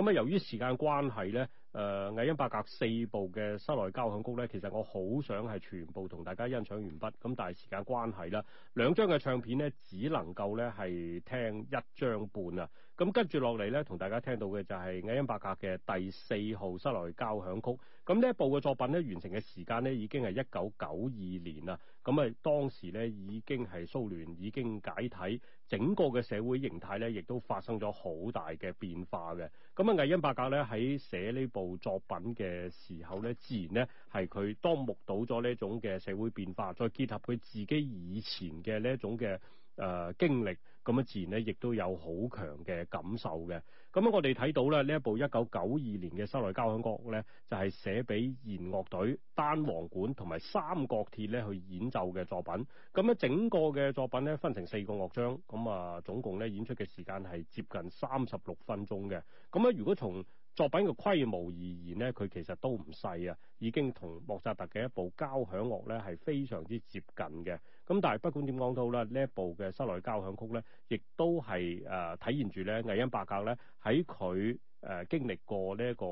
咁啊，由於時間關係咧。誒，魏恩伯格四部嘅室內交響曲咧，其實我好想係全部同大家欣賞完畢。咁但係時間關係啦，兩張嘅唱片呢，只能夠呢係聽一張半啊。咁跟住落嚟呢，同大家聽到嘅就係魏恩伯格嘅第四號室內交響曲。咁、嗯、呢一部嘅作品呢，完成嘅時間呢，已經係一九九二年啦。咁、嗯、啊，當時呢，已經係蘇聯已經解體，整個嘅社會形態呢，亦都發生咗好大嘅變化嘅。咁、嗯、啊，魏恩伯格呢，喺寫呢部。部作品嘅時候咧，自然咧係佢當目睹咗呢一種嘅社會變化，再結合佢自己以前嘅呢一種嘅誒、呃、經歷，咁啊自然咧亦都有好強嘅感受嘅。咁啊，我哋睇到咧呢一部一九九二年嘅室內交響曲咧，就係、是、寫俾弦樂隊、單簧管同埋三角鐵咧去演奏嘅作品。咁啊，整個嘅作品咧分成四個樂章，咁啊總共咧演出嘅時間係接近三十六分鐘嘅。咁啊，如果從作品嘅規模而言咧，佢其實都唔細啊，已經同莫扎特嘅一部交響樂咧係非常之接近嘅。咁但係不管點講都好啦，呢一部嘅室內交響曲咧，亦都係誒體現住咧魏恩伯格咧喺佢誒經歷過呢一個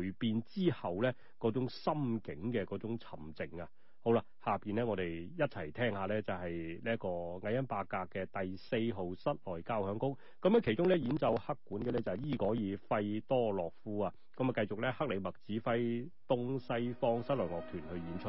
誒巨變之後咧嗰種心境嘅嗰種沉靜啊。好啦，下邊咧，我哋一齊聽下咧，就係呢一個韋恩伯格嘅第四號室內交響曲。咁啊，其中咧演奏黑管嘅咧就係、是、伊戈爾費多洛夫啊。咁、嗯、啊，繼續咧，克里默指揮東西方室內樂團去演出。